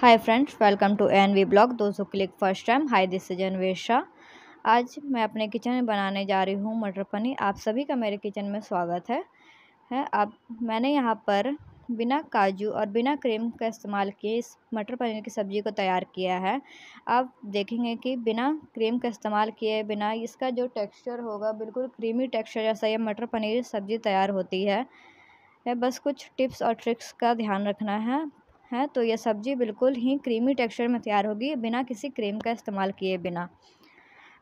hi friends welcome to N V blog दोस्तों click first time hi this is आज मैं अपने kitchen में बनाने जा रही हूँ मटर पनीर आप सभी का मेरे किचन में स्वागत है है आप मैंने यहाँ पर बिना काजू और बिना क्रीम का इस्तेमाल किए इस मटर पनीर की सब्ज़ी को तैयार किया है आप देखेंगे कि बिना क्रीम का इस्तेमाल किए बिना इसका जो टेक्स्चर होगा बिल्कुल क्रीमी टेक्स्चर जैसा ये मटर पनीर सब्ज़ी तैयार होती है है बस कुछ टिप्स और ट्रिक्स का ध्यान रखना है है तो यह सब्ज़ी बिल्कुल ही क्रीमी टेक्सचर में तैयार होगी बिना किसी क्रीम का इस्तेमाल किए बिना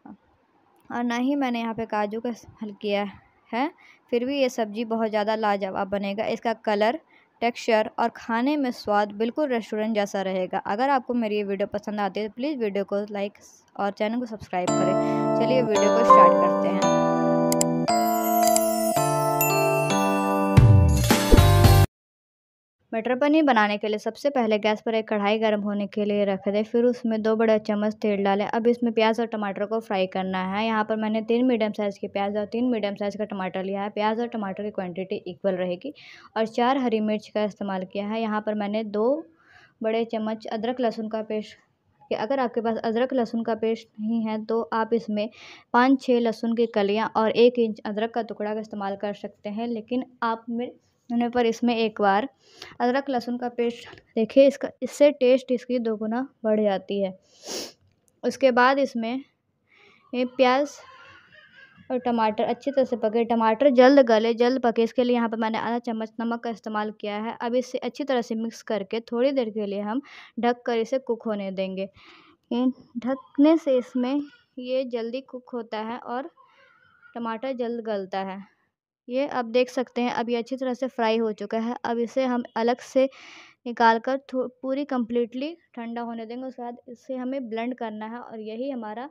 और ना ही मैंने यहाँ पे काजू का इस्तेमाल किया है फिर भी ये सब्ज़ी बहुत ज़्यादा लाजवाब बनेगा इसका कलर टेक्सचर और खाने में स्वाद बिल्कुल रेस्टोरेंट जैसा रहेगा अगर आपको मेरी ये वीडियो पसंद आती है तो प्लीज़ वीडियो को लाइक और चैनल को सब्सक्राइब करें चलिए वीडियो को स्टार्ट करते हैं मटर पनीर बनाने के लिए सबसे पहले गैस पर एक कढ़ाई गर्म होने के लिए रख दें फिर उसमें दो बड़े चम्मच तेल डालें अब इसमें प्याज और टमाटर को फ्राई करना है यहाँ पर मैंने तीन मीडियम साइज़ के प्याज और तीन मीडियम साइज़ का टमाटर लिया है प्याज और टमाटर की क्वांटिटी इक्वल रहेगी और चार हरी मिर्च का इस्तेमाल किया है यहाँ पर मैंने दो बड़े चम्मच अदरक लहसुन का पेस्ट कि अगर आपके पास अदरक लहसुन का पेस्ट नहीं है तो आप इसमें पाँच छः लहसुन की कलियाँ और एक इंच अदरक का टुकड़ा का इस्तेमाल कर सकते हैं लेकिन आप मिर्च होने पर इसमें एक बार अदरक लहसुन का पेस्ट देखिए इसका इससे टेस्ट इसकी दोगुना बढ़ जाती है उसके बाद इसमें प्याज और टमाटर अच्छी तरह से पके टमाटर जल्द गले जल्द पके इसके लिए यहाँ पर मैंने आधा चम्मच नमक का इस्तेमाल किया है अब इसे अच्छी तरह से मिक्स करके थोड़ी देर के लिए हम ढक कर इसे कुक होने देंगे ढकने से इसमें ये जल्दी कुक होता है और टमाटर जल्द गलता है ये अब देख सकते हैं अब ये अच्छी तरह से फ्राई हो चुका है अब इसे हम अलग से निकाल कर पूरी कम्प्लीटली ठंडा होने देंगे उसके बाद इसे हमें ब्लेंड करना है और यही हमारा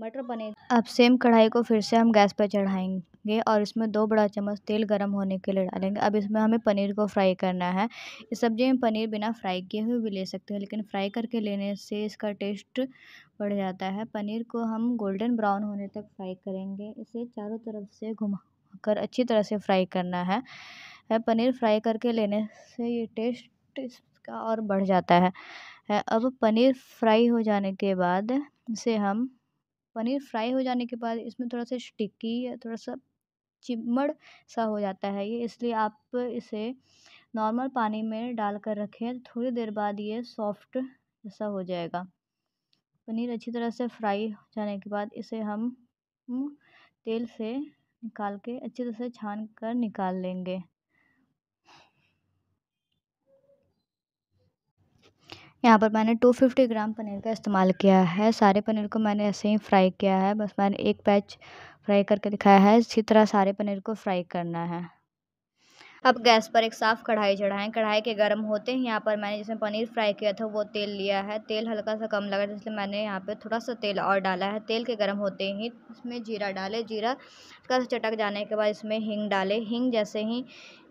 मटर पनीर अब सेम कढ़ाई को फिर से हम गैस पर चढ़ाएंगे और इसमें दो बड़ा चम्मच तेल गर्म होने के लिए डालेंगे अब इसमें हमें पनीर को फ्राई करना है इस सब्जी में पनीर बिना फ्राई किए हुए भी ले सकते हैं लेकिन फ्राई करके लेने से इसका टेस्ट बढ़ जाता है पनीर को हम गोल्डन ब्राउन होने तक फ्राई करेंगे इसे चारों तरफ से घुमा कर अच्छी तरह से फ्राई करना है पनीर फ्राई करके लेने से ये टेस्ट इसका और बढ़ जाता है अब पनीर फ्राई हो जाने के बाद इसे हम पनीर फ्राई हो जाने के बाद इसमें थोड़ा सा स्टिकी या थोड़ा सा चिमड़ सा हो जाता है ये इसलिए आप इसे नॉर्मल पानी में डाल कर रखें थोड़ी देर बाद ये सॉफ्ट जैसा हो जाएगा पनीर अच्छी तरह से फ्राई हो जाने के बाद इसे हम तेल से निकाल के अच्छे तरह से छान कर निकाल लेंगे यहाँ पर मैंने 250 ग्राम पनीर का इस्तेमाल किया है सारे पनीर को मैंने ऐसे ही फ्राई किया है बस मैंने एक पैच फ्राई करके दिखाया है इसी तरह सारे पनीर को फ्राई करना है अब गैस पर एक साफ कढ़ाई चढ़ाएं कढ़ाई के गर्म होते ही यहाँ पर मैंने जिसमें पनीर फ्राई किया था वो तेल लिया है तेल हल्का सा कम लगा इसलिए मैंने यहाँ पे थोड़ा सा तेल और डाला है तेल के गर्म होते ही इसमें जीरा डाले जीरा का चटक जाने के बाद इसमें हींग डाले हींग जैसे ही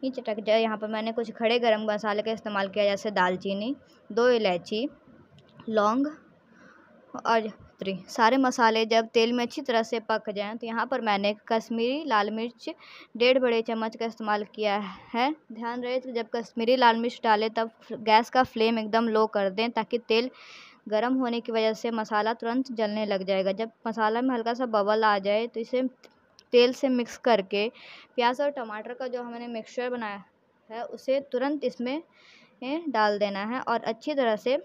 ही चटक जाए यहाँ पर मैंने कुछ खड़े गर्म मसाले का इस्तेमाल किया जैसे दालचीनी दो इलायची लौंग और पत्री सारे मसाले जब तेल में अच्छी तरह से पक जाएं तो यहाँ पर मैंने कश्मीरी लाल मिर्च डेढ़ बड़े चम्मच का इस्तेमाल किया है ध्यान रहे तो जब कश्मीरी लाल मिर्च डालें तब गैस का फ्लेम एकदम लो कर दें ताकि तेल गर्म होने की वजह से मसाला तुरंत जलने लग जाएगा जब मसाला में हल्का सा बबल आ जाए तो इसे तेल से मिक्स करके प्याज और टमाटर का जो हमने मिक्सचर बनाया है उसे तुरंत इसमें डाल देना है और अच्छी तरह से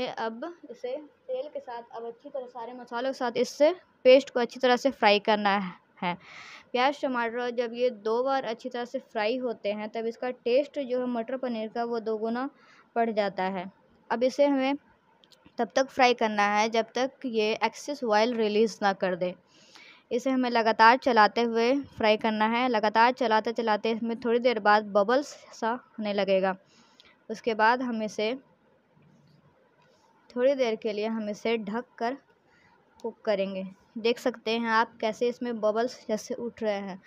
है अब इसे तेल के साथ अब अच्छी तरह सारे मसालों के साथ इससे पेस्ट को अच्छी तरह से फ्राई करना है प्याज टमाटर जब ये दो बार अच्छी तरह से फ्राई होते हैं तब इसका टेस्ट जो है मटर पनीर का वो दोगुना बढ़ जाता है अब इसे हमें तब तक फ्राई करना है जब तक ये एक्सेस ऑयल रिलीज़ ना कर दे इसे हमें लगातार चलाते हुए फ्राई करना है लगातार चलाते चलाते इसमें थोड़ी देर बाद बबल्स सा होने लगेगा उसके बाद हम इसे थोड़ी देर के लिए हम इसे ढक कर कुक करेंगे देख सकते हैं आप कैसे इसमें बबल्स जैसे उठ रहे हैं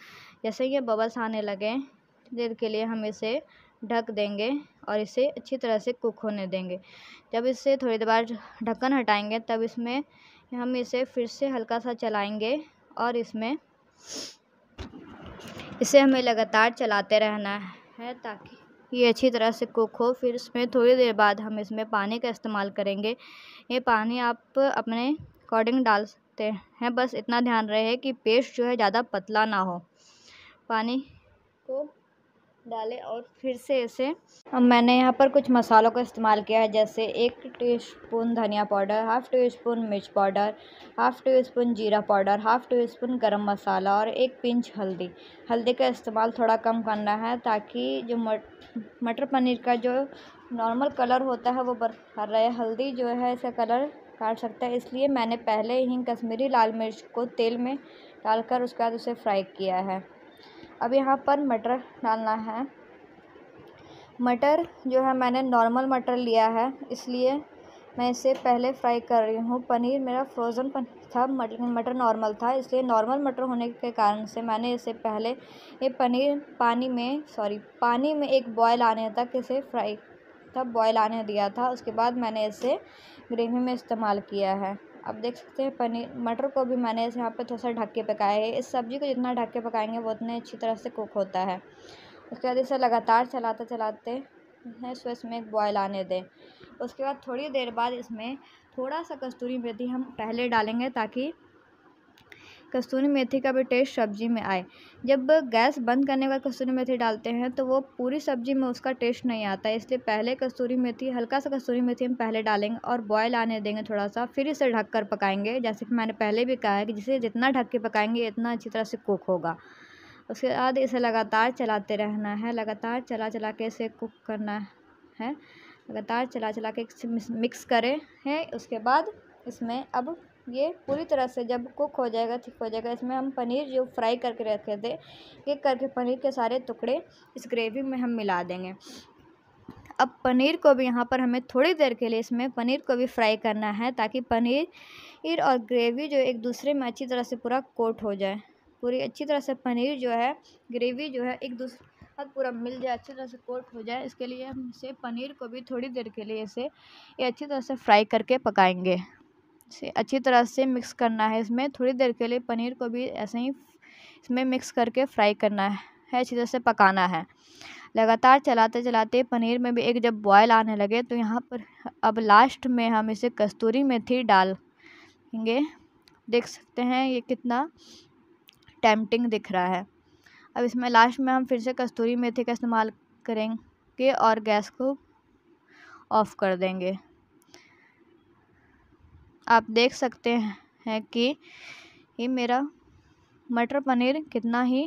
जैसे ये बबल्स आने लगे देर के लिए हम इसे ढक देंगे और इसे अच्छी तरह से कुक होने देंगे जब इसे थोड़ी देर बाद ढक्कन हटाएंगे तब इसमें हम इसे फिर से हल्का सा चलाएंगे और इसमें इसे हमें लगातार चलाते रहना है ताकि ये अच्छी तरह से कुक हो फिर इसमें थोड़ी देर बाद हम इसमें पानी का इस्तेमाल करेंगे ये पानी आप अपने अकॉर्डिंग डाल सकते हैं बस इतना ध्यान रहे कि पेस्ट जो है ज़्यादा पतला ना हो पानी को डालें और फिर से इसे मैंने यहाँ पर कुछ मसालों का इस्तेमाल किया है जैसे एक टी स्पून धनिया पाउडर हाफ़ टी स्पून मिर्च पाउडर हाफ़ टी स्पून जीरा powder half teaspoon garam masala और एक पिंच हल्दी हल्दी का इस्तेमाल थोड़ा कम करना है ताकि जो मटर पनीर का जो नॉर्मल कलर होता है वो बरकर रहे हल्दी जो है इसका कलर काट सकता है इसलिए मैंने पहले ही कश्मीरी लाल मिर्च को तेल में डालकर उसके बाद उसे फ्राई किया है अब यहाँ पर मटर डालना है मटर जो है मैंने नॉर्मल मटर लिया है इसलिए मैं इसे पहले फ्राई कर रही हूँ पनीर मेरा फ्रोज़न पनीर था मटर मटर नॉर्मल था इसलिए नॉर्मल मटर होने के कारण से मैंने इसे पहले ये पनीर पानी में सॉरी पानी में एक बॉयल आने तक इसे फ्राई तब बॉयल आने दिया था उसके बाद मैंने इसे ग्रेवी में इस्तेमाल किया है आप देख सकते हैं पनीर मटर को भी मैंने इस यहाँ पर थोड़ा सा ढक के पकाया है इस सब्ज़ी को जितना ढक के पकाएंगे वो उतने अच्छी तरह से कुक होता है उसके बाद इसे लगातार चलाते चलाते हैं सो इसमें एक बॉयल आने दें उसके बाद थोड़ी देर बाद इसमें थोड़ा सा कस्तूरी मेथी हम पहले डालेंगे ताकि कस्तूरी मेथी का भी टेस्ट सब्ज़ी में आए जब गैस बंद करने के बाद मेथी डालते हैं तो वो पूरी सब्ज़ी में उसका टेस्ट नहीं आता है इसलिए पहले कस्तूरी मेथी हल्का सा कस्तूरी मेथी हम पहले डालेंगे और बॉयल आने देंगे थोड़ा सा फिर इसे ढक कर पकाएंगे जैसे कि मैंने पहले भी कहा है कि जिसे जितना ढक के पकाएंगे इतना अच्छी तरह से कुक होगा उसके बाद इसे लगातार चलाते रहना है लगातार चला चला के इसे कुक करना है लगातार चला चला के मिक्स करें हैं उसके बाद इसमें अब ये पूरी तरह से जब कुक हो जाएगा थिक हो जाएगा इसमें हम पनीर जो फ्राई करके रखे थे ये करके पनीर के सारे टुकड़े इस ग्रेवी में हम मिला देंगे अब पनीर को भी यहाँ पर हमें थोड़ी देर के लिए इसमें पनीर को भी फ्राई करना है ताकि पनीर और ग्रेवी जो एक दूसरे में अच्छी तरह से पूरा कोट हो जाए पूरी अच्छी तरह से पनीर जो है ग्रेवी जो है एक दूसरे पूरा मिल जाए अच्छी तरह से कोट हो जाए इसके लिए हम इसे पनीर को भी थोड़ी देर के लिए इसे ये अच्छी तरह से फ्राई करके पकाएंगे से अच्छी तरह से मिक्स करना है इसमें थोड़ी देर के लिए पनीर को भी ऐसे ही इसमें मिक्स करके फ्राई करना है अच्छी तरह से पकाना है लगातार चलाते चलाते पनीर में भी एक जब बॉयल आने लगे तो यहाँ पर अब लास्ट में हम इसे कस्तूरी मेथी डालेंगे देख सकते हैं ये कितना टैम्पटिंग दिख रहा है अब इसमें लास्ट में हम फिर से कस्तूरी मेथी का इस्तेमाल करेंगे और गैस को ऑफ़ कर देंगे आप देख सकते हैं कि ये मेरा मटर पनीर कितना ही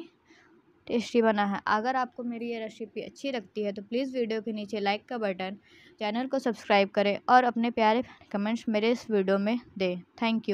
टेस्टी बना है अगर आपको मेरी ये रेसिपी अच्छी लगती है तो प्लीज़ वीडियो के नीचे लाइक का बटन चैनल को सब्सक्राइब करें और अपने प्यारे कमेंट्स मेरे इस वीडियो में दें थैंक यू